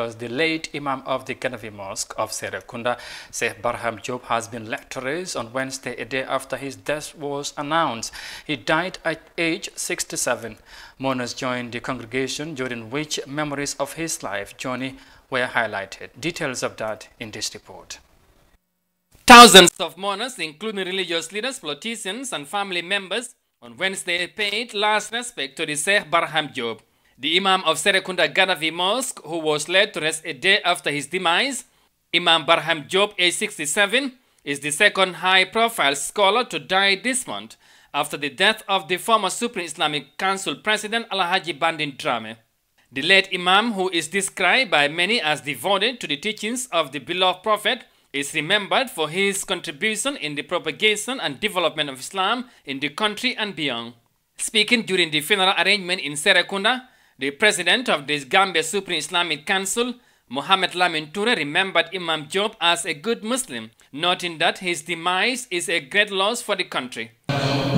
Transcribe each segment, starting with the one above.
Because the late Imam of the Kanavi Mosque of Serekunda, Sheikh Barham Job, has been laid to rest on Wednesday, a day after his death was announced. He died at age 67. Mourners joined the congregation, during which memories of his life journey were highlighted. Details of that in this report. Thousands of mourners, including religious leaders, politicians, and family members, on Wednesday paid last respect to the Sheikh Barham Job. The Imam of Serekunda Ganavi Mosque, who was laid to rest a day after his demise, Imam Barham Job, age 67, is the second high-profile scholar to die this month after the death of the former Supreme Islamic Council President Alhaji Bandin Drame. The late Imam, who is described by many as devoted to the teachings of the beloved Prophet, is remembered for his contribution in the propagation and development of Islam in the country and beyond. Speaking during the funeral arrangement in Serekunda, The president of the Gambia Supreme Islamic Council, Mohamed Lamin Toure, remembered Imam Job as a good Muslim, noting that his demise is a great loss for the country.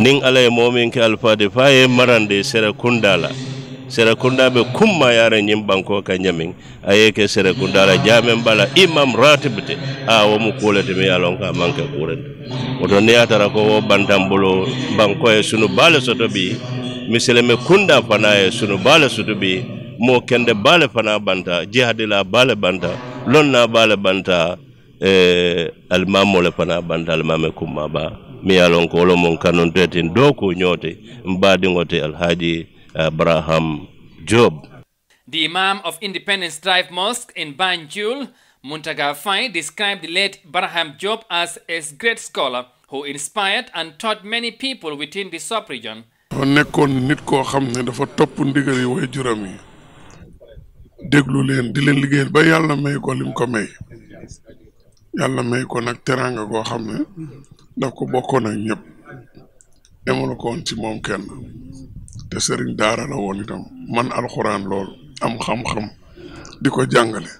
nin alay ye min ke alfa de ye marande sera la sera be kumma yare ñiŋ banko ka ayeke a ye ke serekunda bala imam ratibite a wo mu kuu le ti miŋ ka ko wo banko e sunu bale soto bi misilime kunda fana ye sunu bale sutu bi mo kende bale fana banta la bale banta lonna bale banta eh, alimamo le fana banta alimame kummaba mi ye lon ko wolo mon do ko ñoote mbadiŋo te alhaji e, abraham job The Imam of Independence Drive Mosque in Banjul, Muntaga Fai, described the late Barham Job as a great scholar who inspired and taught many people within the sub-region. dafa nekkoon nit koo xam ne dafa topp ndigal yi way juram yi déglu leen di leen liggéey ba yàlla may ko lim ko may yàlla may ko nag teraanga koo xam ne daf ko bokkoon ak ñépp demul ko ci moom kenn te sëriñ daara la woon itam man alxuraan lool am xam-xam di ko jàngale.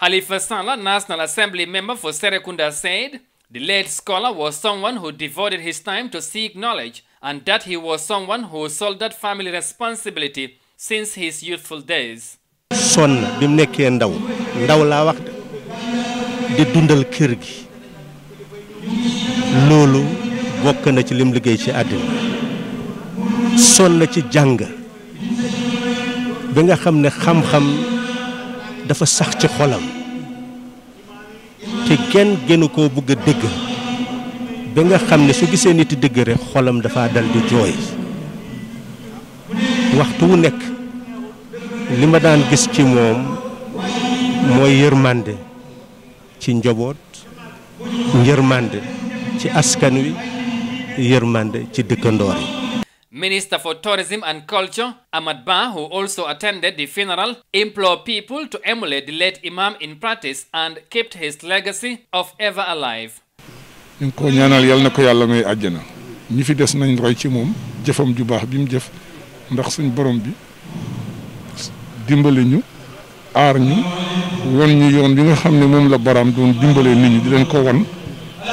Halifa Sallah National Assembly member The late scholar was someone who devoted his time to seek knowledge and that he was someone who shouldered family responsibility since his youthful days. Son, bi mu nekkee ndaw ndaw dundal kër gi loolu bokk na ci lim liggéey ci àddina sonn ci jàng bi nga ne xam-xam dafa sax ci xolam ci kenn gënu koo bëgg a dëgg ba nga xam ne su gisee nit dëgg rek xolam dafa dal jooy waxtu wu nekk li ma daan gis ci moom mooy yërmande ci njoboot yërmande ci askan wi yërmande ci dëkkandoor Minister for Tourism and Culture, Ahmad Ba, who also attended the funeral, implored people to emulate the late Imam in practice and kept his legacy of ever alive.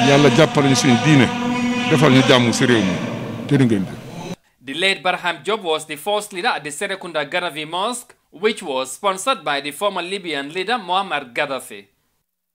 yàlla ñu suñu diine defal ñu jàmm réew mi ngeen the late Barham Job was the first leader at the Serekunda Gaddafi Mosque, which was sponsored by the former Libyan leader Muammar Gaddafi.